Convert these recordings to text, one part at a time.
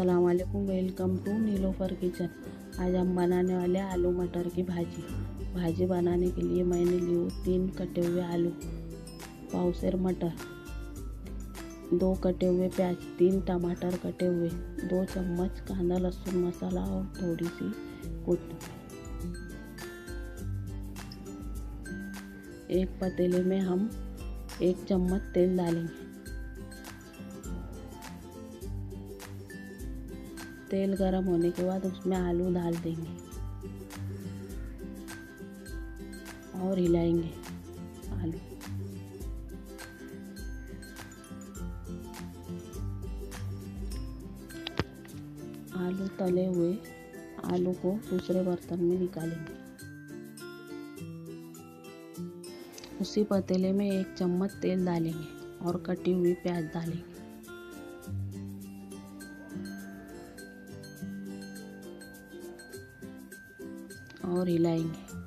अस्सलाम वालेकुम welcome to Nilofar kitchen आज हम बनाने वाले आलू मटर की भाजी भाजी बनाने के लिए मैंने ली तीन कटे हुए आलू पाउसेर मटर दो कटे हुए प्याज तीन टमाटर कटे हुए दो चम्मच कांदा लहसुन मसाला और थोड़ी सी कुट एक पतीले में हम एक चम्मच तेल डालेंगे तेल गरम होने के बाद उसमें आलू डाल देंगे और हिलाएंगे आलू आलू तले हुए आलू को दूसरे बर्तन में निकालेंगे उसी पतीले में एक चम्मच तेल डालेंगे और कटी हुई प्याज डालेंगे और हिलाएंगे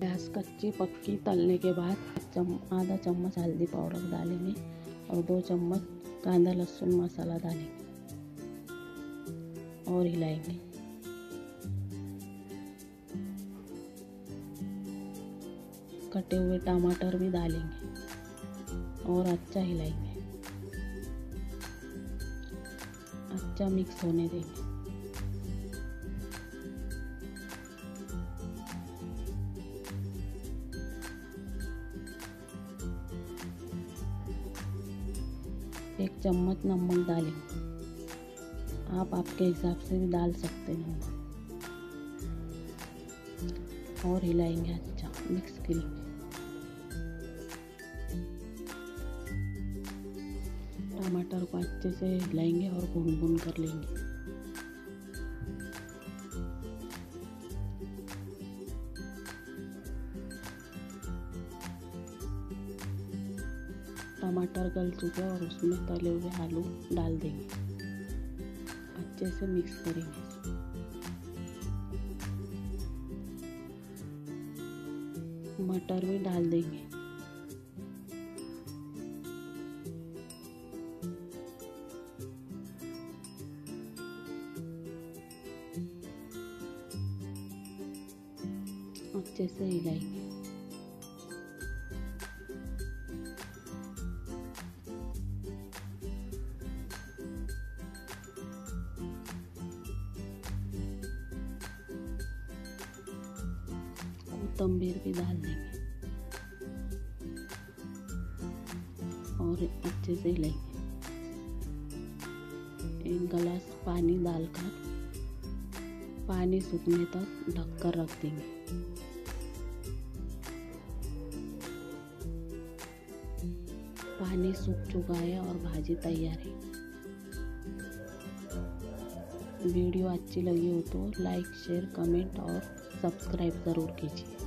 प्याज कच्ची पक्की तलने के बाद चम, आधा चम्मच हल्दी पाउडर डालेंगे और दो चम्मच कांदा लहसुन मसाला डालेंगे और हिलाएंगे कटे हुए टमाटर भी डालेंगे और अच्छा हिलाएंगे अच्छा मिक्स होने देंगे एक चम्मच नमक डालेंगे आप आपके हिसाब से भी डाल सकते हैं और हिलाएंगे अच्छा मिक्स करेंगे टमाटर को अच्छे से हिलाएंगे और भून भून कर लेंगे टमाटर गल चुके और उसमें तले हुए आलू डाल देंगे अच्छे से मिक्स करेंगे मटर भी डाल देंगे अच्छे से हिलाएंगे तम्बीर भी डाल देंगे और अच्छे से लेंगे एक गिलास पानी डालकर पानी सूखने तक ढककर रख देंगे पानी सूख चुका है और भाजी तैयार है वीडियो अच्छी लगी हो तो लाइक शेयर कमेंट और सब्सक्राइब ज़रूर कीजिए